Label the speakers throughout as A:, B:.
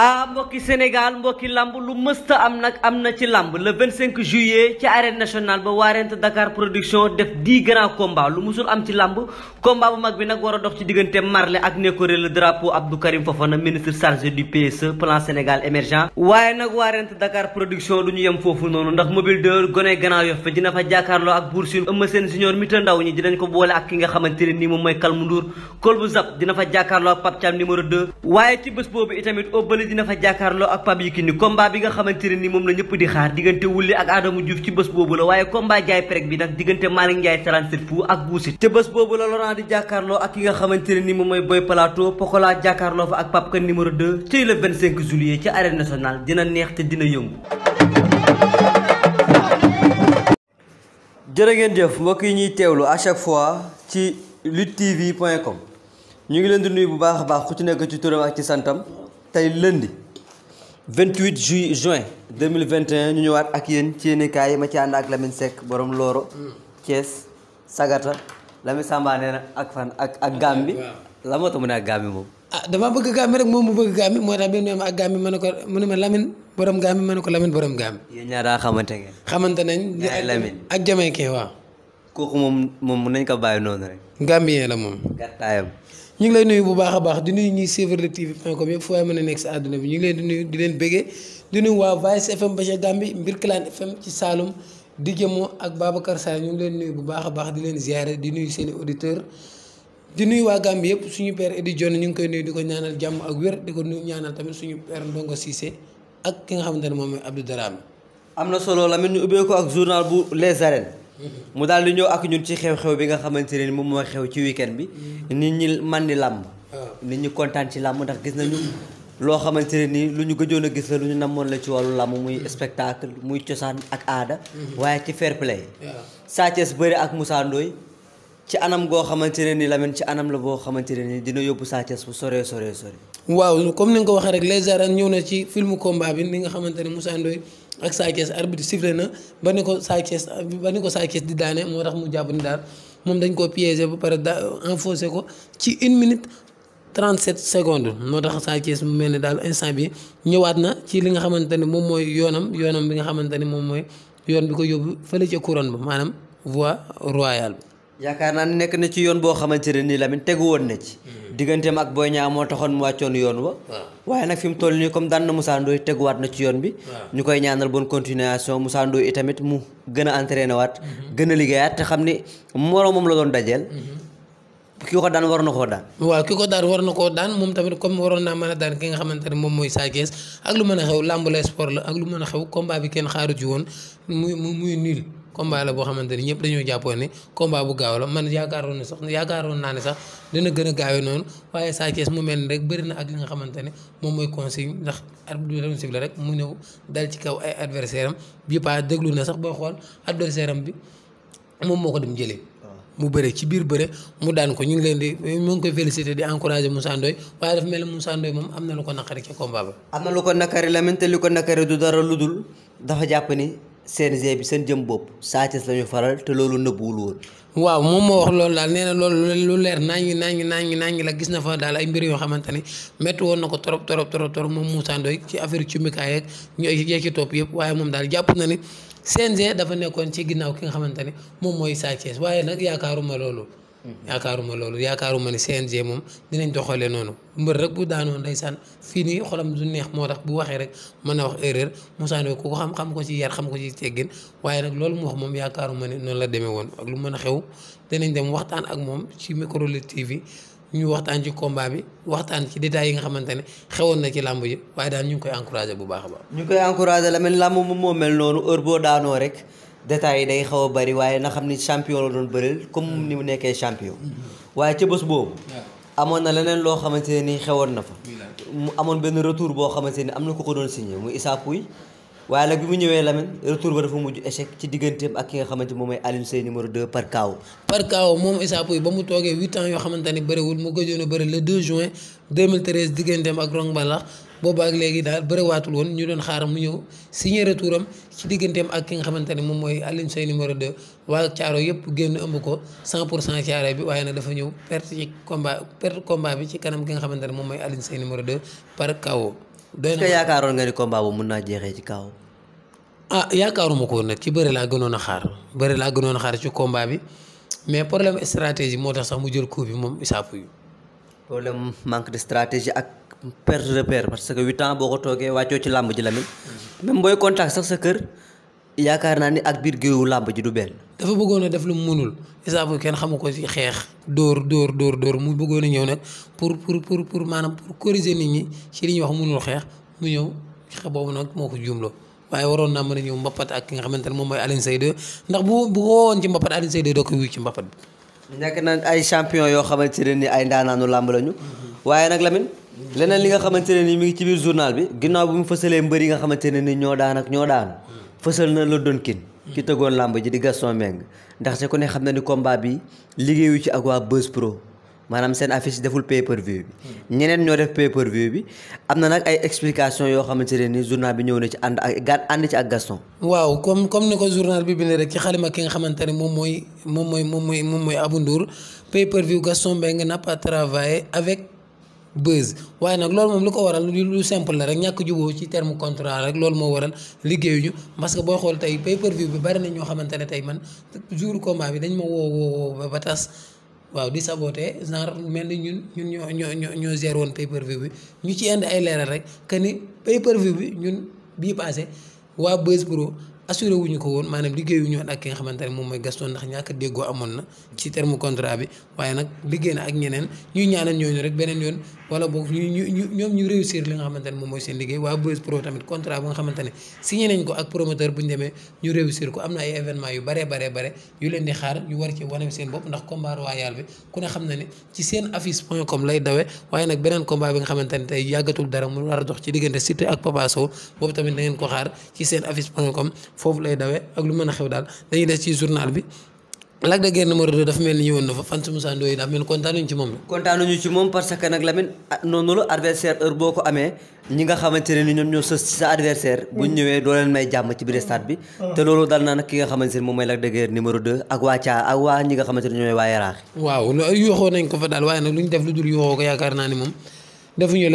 A: ah mbokki Sénégal mbokki lamb lu mësta am nag am na ci lamb le juillet ci arène nationale ba waarent Dakar production def 10 grands combats lu musul am ci lamb combat bu mag bi nag war a dox ci diggante Marley ak Nékoré le drapeau Abdou Karim Fofana ministre chargé du PSE plan Sénégal émergent waaye nag waarent Dakar production du ñu yem foofu noonu ndax mobile de gone Grand Yoff fa dina fa jàkkaarloo ak Bour Sine Eumeu Sène junior mi ta ndaw ñi ne nii moom mooy Kalmu Ndour Kolbu Zap dina fa jàkkaarloo ak Pape dina fa jàkkaarloo ak Pape Yékini combat bi nga xamante ne ni moom la ñëpp di xaar diggante Wouly ak Adama Diouf ci bés boobu la waaye combat jaay prek bi nag diggante Malick Ndiaye 37 fou ak Boussine te bés boobu la Laurent di jàkkaarloo ak ki nga xamante ne ni moom mooy Boy Plateau Pokola jàkkaarloo fa ak Pape Kane numéro 2 ci le 25 juillet ci dina neex te dina yëngu jërë ngeen jëf mbokk yi ñuy teewlu à chaque fois ci luttetv.com ñu ngi leen di nuyu bu baax a baax ku ci nekk ci santam tey lundi 28 ju juin 2021 ñu ñëwaat ak yéen ci yéen kaay yi ma ci ànd ak Lamine sekk borom Loro. Thiès Sagata Lamine Samba nee na ak fan ak ak Gàmbi. la moo tax mu ne ak Gàmbi moom.
B: Ah, bëgg Gàmbi rek moom mu bëgg Gàmbi moo tax bi mu ne ma ak Gàmbi ma ne ko mu ne ma Lamine borom Gàmbi ma ne ko Lamine borom Gàmbi.
A: yéen ñaar daa xamante ngeen. xamante nañ. Lamine ak Jamaïcain waaw.
B: kooku moom moom mun nañ ko bàyyi noonu rek. Gambien la moom. gàttaayam. ñu ngi lay nuyu bu baax a baax di nuyu ñuy suivre luttetv.com yëpp fu waay mën a nekk si àdduna bi ñu ngi leen di nuyu di leen bëggee di nuyu waa Vice FM ba ca Gambie Mbirkelane FM ci Saloum di jëmoo ak Babacar Sarr ñu ngi leen nuyu bu baax a di leen ziare di nuyu seen i auditeurs di nuyu waa Gambie yëpp suñu père Edi ñu ngi koy nuyu di ko ñaanal jàmm ak wér di ko ñaanal tamit suñu père Ndongo Cissé ak ki nga xamante ne moom mooy Abdou Darame. am na solo Lamine ñu ubbee ak journal bu les arènes.
A: mu daal di ñëw ak ñun ci xew-xew bi nga xamante ne moom mooy xew ci weekend bi nit ñi man di làmb ah. nit ñi kontaan ci làmb ndax gis nañu loo xamante ne nii lu ñu gëjoon a gis la lu ñu namoon la ci wàllu làmb muy mm-hmm. spectacle muy cosaan ak aada mm-hmm. waaye ci fair play Sa Thiès bëri ak Moussa Ndoye ci anam goo xamante ne nii Lamine ci anam la boo xamante ne nii dina
B: yóbbu Sa Thiès bu sore sore sore waaw comme ni nga ko waxee rek les arènes ñëw na ci filmu combat bi ni nga xamante ne Moussa Ndoye ak Sa Thiès arbitre na ba ne ko Sa Thiès ba ni ko Sa Thiès di daane moo tax mu jàpp ni daal moom dañ koo piégé ba pare da enfoncé ko ci une minute 37 secondes moo tax Sa mu mel ni daal instant bi ñëwaat na ci li nga xamante ne moom mooy yoonam yoonam bi nga xamante ne moom mooy yoon bi ko yóbbu fële ca couronne ba maanaam voie royale bi
A: yaakaar naa ne nekk na ci yoon boo xamante ne nii Lamine tegu woon na ci. Mm-hmm. digganteem ak Boy Niang moo taxoon mu wàccoon yoon wa. waaye nag fi mu toll nii comme daan na Moussa Ndoye teguwaat na ci yoon bi. ñu koy ñaanal bonne continuation Moussa Ndoye itamit mu gën a entraîné waat. Mm-hmm. gën a
B: liggéeyaat te xam ni moom la doon dajeel. Mm-hmm. ki ko daan war na koo daan. waaw ki ko daan war na koo daan moom tamit comme waroon naa mën a daan ki nga xamante ne moom mooy Sa Thiès ak lu mën a xew làmb la sport la ak lu mën a xew combat bi kenn xaaru ci woon muy muy nul. combat la boo xamante ni ñëpp dañoo jàppoon ne combat bu gaaw la man yaakaaroon ne sax yaakaaroon naa ne sax dina gën a gaawee noonu waaye Sa Thiès mu mel ni rek la rek mu ñëw dal ci kaw ay adversaire am bi pas déglu na moom moo ko dem jëlee ah. mu bëre ci biir bëre mu daan ko ñu leen di mu koy félicité di encouragé Moussa Ndoye waaye dafa mel ni Moussa moom am na lu ko naqari ci combat ba.
A: am na lu ko naqari Lamine li ko naqari du dara ludul dafa jàpp ni CNG bi seen jëm bopp Sa Thiès la ñu faral te loolu nëbbuwul woon.
B: waaw moom moo wax loolu daal nee na loolu lu leer naa ngi naa la gis na fa daal ay mbir yoo xamante ne métti woon na ko trop trop trop trop moom Moussa Ndoye ci affaire cummikaay yeeg ñu yee ci topp yëpp waaye moom daal jàpp na ni CNG dafa nekkoon ci ginnaaw ki nga xamante ne moom mooy Sa Thiès waaye nag yaakaaruma loolu. yaakaaruma loolu yaakaaruma ne CNG moom dinañ doxalee noonu mbër rek bu daanoo ndeysaan fii nii xolam du neex moo tax bu waxee rek mën na wax erreur Moussa Ndoye ku ko xam xam ko ci yar xam ko ci teggin waaye nag loolu mu wax moom yaakaaruma ne noonu la demee woon ak lu mën a xew dinañ dem waxtaan ak moom ci micro Lutte ñu waxtaan ci combat bi waxtaan ci détails yi nga xamante ne xewoon na ci làmb yi waaye daal ñu ngi koy encouragé bu baax a baax. ñu
A: koy encouragé détails yi day xaw a bari waaye na xam ni champion la doon bëril comme ni mu nekkee champion waaye ca bés boobu amoon na leneen loo xamante ne ni xewoon na fa mu amoon benn retour boo xamante ni am na ku ko doon signé mu Issa Pouye waaye nag bi mu ñëwee Lamine retour ba dafa mujj échec ci digganteem ak ki nga xamante moom mooy Alioune Seye numéro 2 par KO.
B: par moom Issa ba mu toogee huit ans yoo xamante ne bëriwul mu gëjoon a bëri le 2 juin 2013 digganteem ak Rong Balax boobu ak léegi daal bëriwaatul woon ñu doon xaaram mu ñëw signé retouram ci digganteem ak ki nga xamante ne moom mooy Alioune Seye numéro 2 waa Caaro yëpp génn ëmb ko 100 pour cent Caaro bi waaye nag dafa ñëw perte ci combat bi ci kanam ki nga xamante ne moom mooy Alioune Seye numéro 2 par KO. doy na yaakaaroon nga ni naa jeexee ci KO. ah yaakaaruma ko nag ci bëri laa gënoon a xaar bëri laa gënoon a xaar ci combat bi mais problème stratégie moo tax sax mu jël coup bi moom isaapu yu
A: problème manque de stratégie ak per repère parce que huit ans boo ko toogee wàccoo ci làmb ji la même booy contact sax sa kër yaakaar naa ni ak biir géewu làmb ji du benn.
B: dafa bëggoon a def lu mu mënul exemple kenn xamu ko ci xeex. dóor dóor dóor dóor mu bëggoon a ñëw nag pour pour pour pour maanaam pour corriger nit ñi ci li ñuy wax mënul xeex mu ñëw xeex boobu moo ko juumloo waaye waroon naa mën a ñëw mbapat ak ki nga xamante ne moom mooy Alioune Seye 2 ndax bu bu woowoon ci mbapat Alioune Seye 2 doo ko ci mbapat bi.
A: nekk na ay champion yoo xamante ne ni ay ndaanaanu làmb lañu waaye nag Lamine leneen li nga xamante ne ni mi ngi ci biir journal bi ginnaaw bi mu fësalee mbër yi nga xamante ne ni ñoo daan ak ñoo daan fësal na la doon kin ki tëggoon làmb ji di Gaston Mbengue ndax te ku ne xam na ni combat bi liggéeyu ci ak waa Beuz Pro maanaam seen affiche deful pay per view bi ñeneen ñoo def pay per view bi am na nag ay explication yoo xamante ne ni
B: ne moom mooy moom mooy moom mooy moom mooy Abou Ndour pay per view n'a pas travaillé avec buzz waaye nag loolu moom li ko waral lu simple la rek ñàkk juboo ci terme contrat ne tey man jour combat bi dañ ma woo woo woo ba tas. waaw di sabote genre mel ni ñun ñun ñoo ñoo ñoo ñoo gérer woon pay per bi ñu ci indi ay leeral rek que ni pay per bi ñun bii passé waa Buzz Pro assuré wuñu ko woon maanaam liggéey wuñu woon ak ki nga xamante ne moom mooy Gaston ndax ñàkk déggoo amoon na ci terme contrat bi waaye nag liggéey na ak ñeneen ñuy ñaanal ñooñu rek beneen yoon wala boog ñu ñu ñoom ñu réussir li nga xamante ne moom mooy seen liggéey waa Boys Pro bu ne signé nañ ko ak promoteur bu ko am na ay événement yu bare bare bare yu leen di xaar ñu ndax combat royal bi seen affiche point com lay dawe waaye nag beneen combat bi nga xamante ne tey yàggatul dara mu war a dox ci diggante Siteu ak Papa Sow tamit da ko xaar ci seen affiche point foofu lay dawee ak lu mën a xew daal dañuy des ci journal bi Lac de Guiers numéro dafa mel ni ñëwoon na fan su Moussa Ndoye dafa mel ni kontaanuñu ci la. kontaanuñu ci moom parce que
A: nag Lamine ah, noonu la adversaire heure boo ko amee ñi nga xamante ne ni ñoom ñoo sës ci sa adversaire bu ñu ñëwee doo leen may jàmm ci biir bi. Mm. te loolu dal na nag ki nga xamante moom mooy Lac de Guiers numéro ak waa Caa ak waa ñi nga ñooy waa Yaraax.
B: waaw loolu nañ ko fa daal waaye nag lu ñu def lu dul yooxoo ko yaakaar naa ni moom defuñu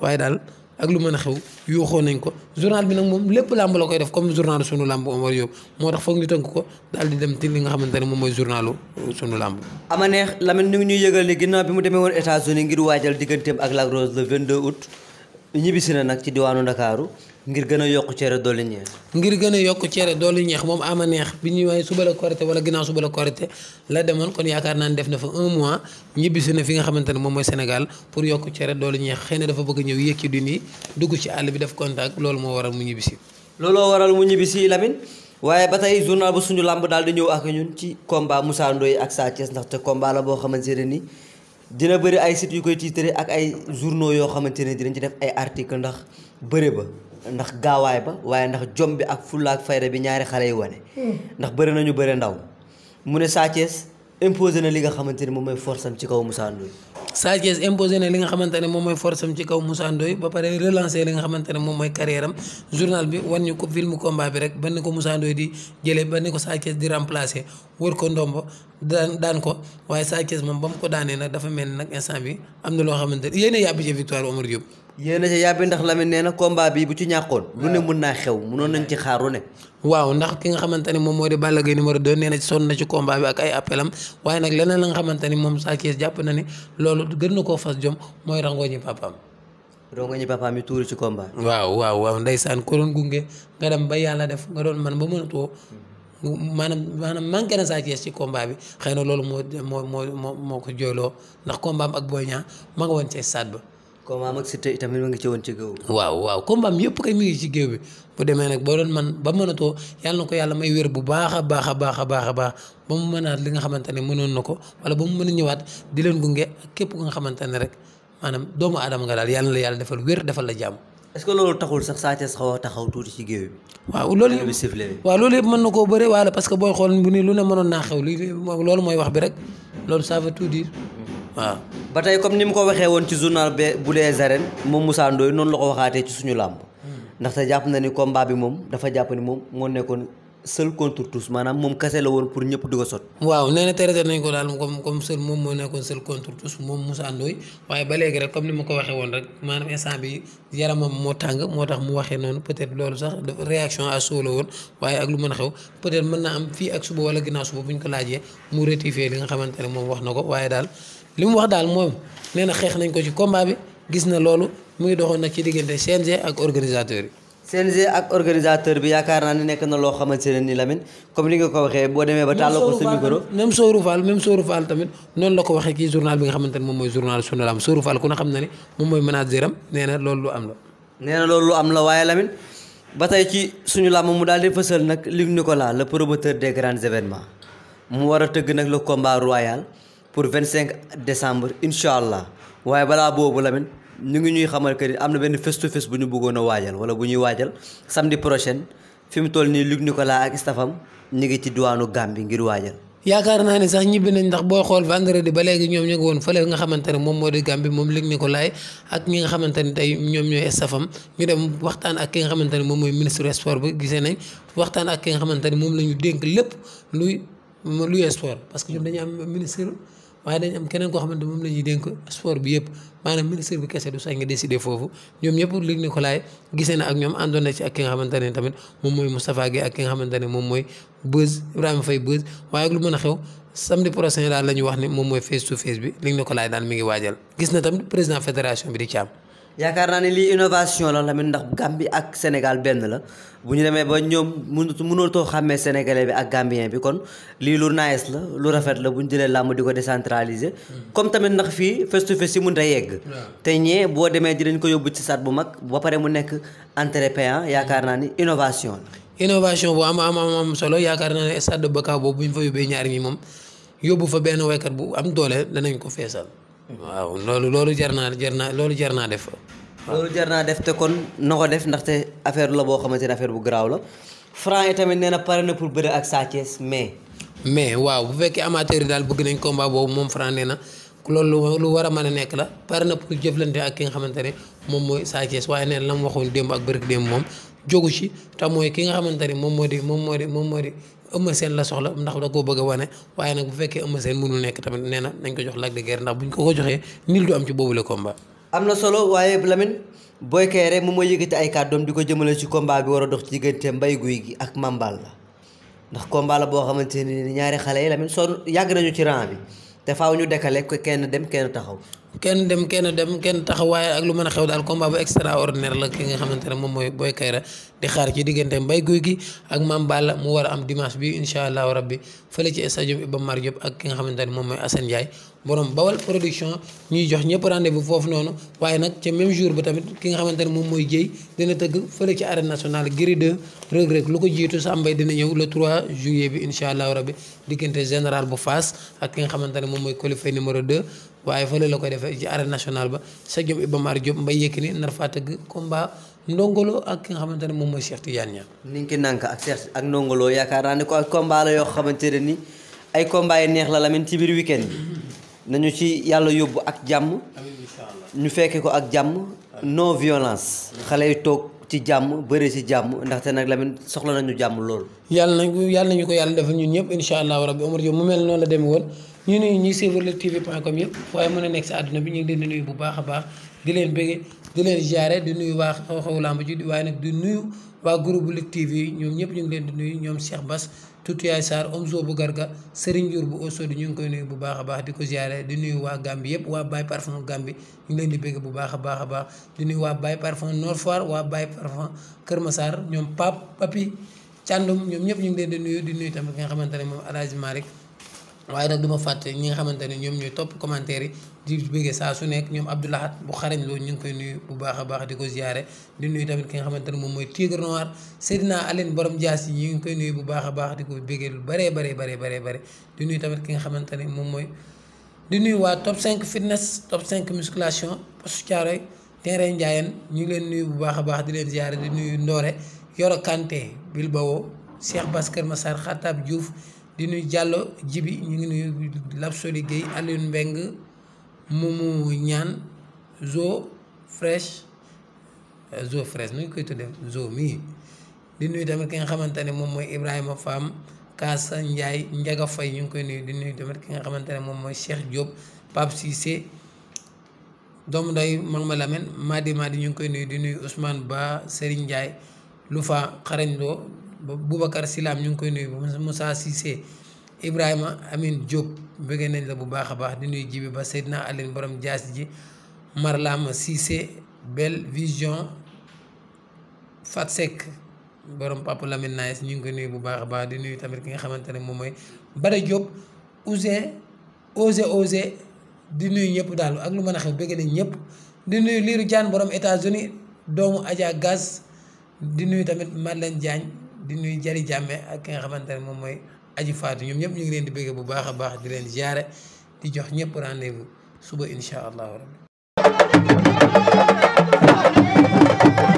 B: la ak lu mën a xew yuuxoo nañ ko journal bi nag moom lépp làmb la koy def comme journalu sunu làmb Omar Yob moo tax foog ñu ko daal dem ci nga xamante ne moom mooy journalu euh, sunu làmb ama neex
A: Lamine ñu ñuy yëgal ni ginnaaw bi mu demee États-Unis ngir waajal digganteem ak Lac Rose le 22 août ñibbisi na nag ci diwaanu ndakaaru ngir gën a yokk cere dolli ñeex
B: ngir gën a yokk cere dolli ñeex moom am ama neex bi ñu waaye suba la korité wala ginnaaw suba la korité la demoon kon yaakaar naa ne def na fa un mois ñibbisi na fi nga xamante ne moom mooy Sénégal pour yokk cere dolli ñeex xëy na dafa bëgg ñëw yëkki du nii dugg ci àll bi def contact loolu moo waral mu ñibbisi
A: looloo waral mu ñibbisi Lamine waaye ba tey journal ba suñu làmb daal di ñëw ak ñun ci combat Moussa Ndoye ak Sa Thiès ndaxte combat la boo xamante ne nii dina bëri ay sites yu koy tiitaree ak ay journaux yoo xamante ne dinañ ci def ay article ndax bëre ba ndax gaawaay ba waaye ndax jom bi ak fulla ak fayda bi ñaari xale yi wane. Hmm. ndax bëri nañu bëri ndaw mu ne Sa Thiès na li nga xamante ne moom
B: mooy force am ci kaw Moussa Ndoye Sa Thiès imposé na li nga xamante ne moom mooy force am ci kaw Moussa Ndoye ba pare relancé li nga xamante ne moom mooy carrière am journal bi wan ñu ko film combat bi rek ba ni ko Moussa Ndoye di jëlee ba ni ko Sa di remplacé wër ko ndombo daan ko waaye Sa Thiès moom ba ko daanee nag dafa mel ni nag instant bi am na loo xamante ne yéen a yàbbi ci victoire Omar Diop. yéen a ca yàbbi ndax Lamine nee na combat bi bu ci ñàkkoon. lu ne mun naa xew munoon nañ ci xaaru ne. waaw ndax ki nga xamante ni moom moo di Balla Gaye numéro 2 nee na sonn na ak ay appelam waaye nag leneen la nga xamante ni moom Sa Thiès jàpp na ni loolu gën na koo fas jom mooy rangooñi papaam. rangooñi papaam yi tuuri ci combat. waaw waaw waaw ndeysaan ko doon gunge nga dem ba yàlla def nga doon man ba mënatoo. maanaam maanaam manqué na Sa Thiès ci combat bi xëy na loolu moo moo moo moo ko jooyloo ndax kombaam ak Boy Niang ma nga woon ci saat ba combat waaw waaw combat am yëpp kay mi ngi ci géew bi bu demee nag boo doon man ba mënatoo yàlla na ko yàlla may wér bu baax a baax a baax a baax a baax ba mu mënaat li nga xamante mënoon na ko wala ba mu mën a ñëwaat di leen gunge képp ku nga xamante rek maanaam doomu aadama nga daal yàlla yàlla defal wér defal la jàmm. est que loolu taxul sax Sa Thiès xaw a taxaw tuuti ci géew bi. waaw loolu yëpp mën na koo bëre wala parce que booy xool bu ni lu ne
A: waaw ba tey comme ni mu ko waxee woon ci journal bi bu les moom Moussa Ndoye noonu la ko waxaatee ci suñu làmb ndaxte jàpp na ni combat bi moom dafa jàpp ni moom moo nekkoon seul contre tous moom kase la woon pour ñëpp di ko sot
B: waaw moo nekkoon seul contre tous moom Moussa Ndoye waaye ba léegi rek comme ni ma ko waxee woon rek maanaam instant yaramam moo tàng moo tax mu waxee noonu peut-être loolu sax réaction à chaud woon waaye ak lu mën a xew peut-être mën naa am fii ak suba wala ginnaaw suba bu ñu ko laajee mu rectifier na li mu wax daal moom nee na xeex nañ ko ci combat bi gis na loolu mu ngi doxoon nag ci diggante CNG ak organisateur yi. CNG ak organisateur bi yaakaar naa ne nekk na loo xamante
A: ne ni Lamine comme li nga ko waxee boo demee ba tàlloo ko sa micro
B: même Sourou Fall tamit noonu la ko waxee kii journal bi nga xamante ne moom mooy journal sunu lam Sourou xam na ne moom mooy manager am nee na loolu am la
A: nee am la waaye Lamine ba tey ci suñu làmb mu daal di fësal nag ko Nicolas le promoteur des grands événements mu war a tëgg nag la combat royal pour vingt cinq décembre incha allah waaye balaa boobu Lamine ñu ngi ñuy xamal que ni am na benn face to face bu ñu bëggoon a waajal wala bu ñuy waajal samedi prochain fi mu toll nii Luc Nicolas ak stafam ñu ngi ci diwaanu Gambie ngir waajal.
B: yaakaar naa ne sax ñibbi nañ ndax boo xool vendredi ba léegi ñoom ñu ngi woon fële nga xamante ne moom moo di Gambie moom Luc Nicolas ak ñi nga xamante ne tey ñoom ñooy stafam ñu dem waxtaan ak ki nga xamante ne moom mooy ministre des bi gisee nañ waxtaan ak ki nga xamante ne moom la ñu dénk lépp luy luy sport parce que waaye dañ am keneen koo xamante moom la ñuy dénk sport bi yëpp maanaam ministre bi kese du sañ nga décider foofu ñoom ñëpp Luc Nicolaï gisee na ak ñoom àndoon na ci ak ki nga tamit moom mooy Moustapha Guèye ak ki nga xamante ne moom mooy Beuz Ibrahima Faye Beuz waaye ak lu mën a xew samedi prochain daal la wax ni moom mooy face to face bi Luc Nicolaï daal mi ngi waajal gis na tamit président fédération bi di Thiam
A: yaakaar naa ne lii innovation la tamit ndax Gambie ak Sénégal benn la bu ñu demee ba ñoom mënut mënatoo xàmmee sénégalais bi ak gambien bi kon lii lu nice la lu rafet la bu ñu jëlee làmb di ko décentraliser. Hmm. comme tamit ndax fii face fes face yi mënut a yegg. Hmm. te ñee boo demee dinañ ko yóbbu ci sat bu mag
B: ba pare mu nekk entrée payant yaakaar naa ni innovation la. innovation bu am am am solo yaakaar naa ne stade Bakau boobu bu ñu fa yóbbee ñaari moom yóbbu fa benn waykat bu am doole danañ ko feesal. waaw loolu loolu jar naa jar naa loolu jar naa def. loolu jar
A: naa def te kon na ko def ndaxte affaire la boo xamante ne affaire bu garaaw la Franc yi tamit na pare
B: na pour bëre ak Sa Thiès mais. mais waaw bu fekkee amateur yi daal bëgg nañ combat boobu moom Franc nee na loolu lu war a mën a nekk la pare na pour jëflante ak ki nga xamante ne moom mooy Sa Thiès waaye nee na la mu waxoon démb ak bërëb démb moom jógu ci te mooy ki nga xamante ne moom moo di moom moo di moom moo di. Eumeu seen la soxla ndax da koo bëgg a wane waaye nag bu fekkee Eumeu seen mënul nekk tamit nee na nañ ko jox Lac de Guiers ndax buñ ko ko joxee nil du am ci boobule combat.
A: am na solo waaye Lamine Boy Kaïré moom mooy yëkkati ay kàddoom di ko jëmale ci combat bi war a dox ci diggante Mbaye Gouye Gui ak Mame Balla la ndax combat la boo xamante ne ñaari xale yi Lamine sonn yàgg nañu ci rang bi te faaw ñu
B: dekkale ko kenn dem kenn taxaw kenn dem kenn dem kenn waaye ak lu mën a xew daal combat bu extraordinaire la ki nga xamante ne moom mooy Boy Kayra di xaar ci diggante mbay guy gi ak Mame la mu war a am dimanche bi incha allahu rabbi fële ci stade Iba Mar Diop ak ki nga xamante ne moom mooy Assane Bawal production ñuy jox ñëpp rendez-vous foofu noonu waaye nag ca même jour ba tamit ki nga xamante ne moom mooy Dieye dina tëgg fële ci arène nationale Gris 2 Reug lu ko jiitu Sa Mbaye dina ñëw le 3 juillet bi incha allahu rabbi diggante général bu fas ak ki nga xamante ne moom mooy qualifié numéro 2 waaye fële la koy defee ci arène national ba sa ba Iba Mar Diop Mbaye Yékini nar faa tëgg combat ndongolo ak ki nga xamante ne moom mooy Cheikh Tidiane Niang. Ninki Nanka ak Cheikh
A: ak ndongolo yaakaar naa ne ko ay combat la yoo xamante ne ni ay combat yi neex la Lamine ci biir week-end nañu ci yàlla yóbbu ak jàmm. ñu fekke ko ak jàmm. non violence. xale yi toog ci jàmm bëri ci jàmm ndaxte nag Lamine soxla nañu jàmm lool.
B: yàlla nañu yàlla nañu ko yàlla defal ñun ñëpp incha allah rabbi Omar Diop mu mel noonu la demee ñu nuyu ñuy suivre luttetv.com yëpp waaye mën a nekk sa àdduna bi ñu ngi leen di nuyu bu baax a baax di leen bëgge di leen jaare di nuyu waa xew-xewu làmb ji nag di nuyu waa groupe bu yi ñoom ñëpp ñu ngi leen di nuyu ñoom Cheikh Bass Tutuyaay Sarr Omzo bu Garga Serigne Ndiour bu Osodi ñu ngi koy nuyu bu baax baax di ko ziare di nuyu waa Gambie yëpp waa Baye Parfum Gambie ñu leen di bëgg bu baax a baax a baax di nuyu waa Baye Parfum Nord Foire waa Baye Parfum Kër saar ñoom Pape Papi Thiandoum ñoom ñëpp ñu ngi leen di nuyu di nuyu tamit nga xamante ne moom El Hadj waaye nag du ma fàtte ñi nga xamante ne ñoom ñooy topp commentaire yi di bëggee saa su nekk ñoom Abdou Lahat bu xarañ loolu ñu ngi koy nuyu bu baax a baax di ko ziare di nuyu tamit ki nga xamante ne moom mooy Tigre Noir Seydina Aline borom jaas yi ñu ngi koy nuyu bu baax a baax di ko bëggee lu bëree bare bare bare bare di nuyu tamit ki nga xamante ne moom mooy di nuyu waa top 5 fitness top 5 musculation postu caaroy terrain Ndiayeen ñu ngi leen nuyu bu baax a baax di leen ziare di nuyu ndoore Yoro Kanté Bilbao Cheikh Bass Kër Massar Khatab Diouf di nuy jàllo jibi ñu ngi nuyu Lapsoli Guèye Alioune Mbengue Momu Ñaan Zo Fresh euh, Zo Fresh nu ñu koy tuddee Zo mii di nuyu tamit ki nga xamante ne moom mooy Ibrahima Fam Kaasa Ndiaye Njaga Fay ñu ngi koy nuyu di nuy tamit ki nga xamante ne moom mooy Cheikh Diop Pape Cissé doomu day mag ma lamen Madi Madi ñu ngi koy nuy di nuyu Ousmane Ba Serigne Ndiaye Lufa Xarañ Lo Boubacar Silam ñu ngi koy nuyu Moussa Cissé Ibrahima Amin Diop bëggee nañ la bu baax a baax di nuyu Jibi Ba Seydina Aline borom jaas ji Marlama Cissé Belle Vision Fat Seck borom Papa Lamine Niass ñu ngi koy nuyu bu baax a baax di nuyu tamit ki nga xamante ne moom mooy Bada Diop Ousseyn Ose Ose di nuyu ñëpp daal ak lu mën a xew bëgg nañ ñëpp di nuyu Liiru Jaan borom États-Unis doomu Adja gas di nuyu tamit Madeleine Diagne di nuyu jari jàmme ak ki nga xamante ne moom mooy aji faatu ñoom ñëpp ñu ngi leen di bëgg bu baax a baax di leen ziare di jox ñëpp rendez-vous suba incha allahu rabbi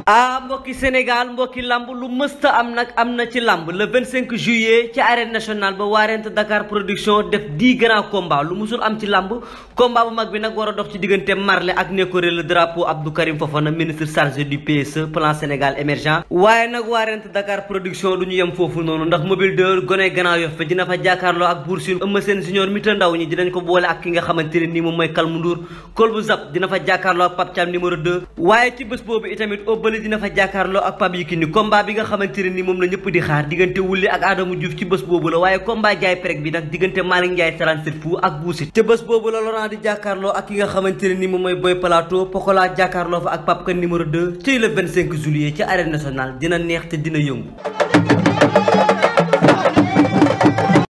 A: ah mbokki Sénégal mbokki lamb lu mësta am nag am na ci lamb le 25 juillet ci arène nationale ba waarent Dakar production def 10 grands combats lu musul am ci lamb combat bu mag bi nag war a dox ci diggante Marley ak Nékoré le drapeau Abdou Karim Fofana ministre chargé du PSE plan Sénégal émergent waaye nag waarent Dakar production du ñu yem foofu noonu ndax mobile de gone Grand Yoff fa dina fa jàkkaarloo ak Bour Sine Eumeu Sène junior mi ta ndaw ñi ko boole ak ki nga xamante ne nii moom mooy Kalmu Ndour Kolbu Zap dina fa jàkkaarloo ak Pape Thiam numéro 2 Bombardier dina fa jàkkaarloo ak Pape Yekini combat bi nga xamante ne ni moom la ñëpp di xaar diggante Wouly ak Adama Diouf ci bés boobu la waaye combat jaay prek bi nag diggante Malick Ndiaye 37 fu ak Boussine te bés boobu la Laurent di jàkkaarloo ak ki nga xamante ne ni moom mooy Boy Plateau Pokola jàkkaarloo fa ak Pape Kane numéro 2 ci le 25 juillet ci arène nationale dina neex te dina yëngu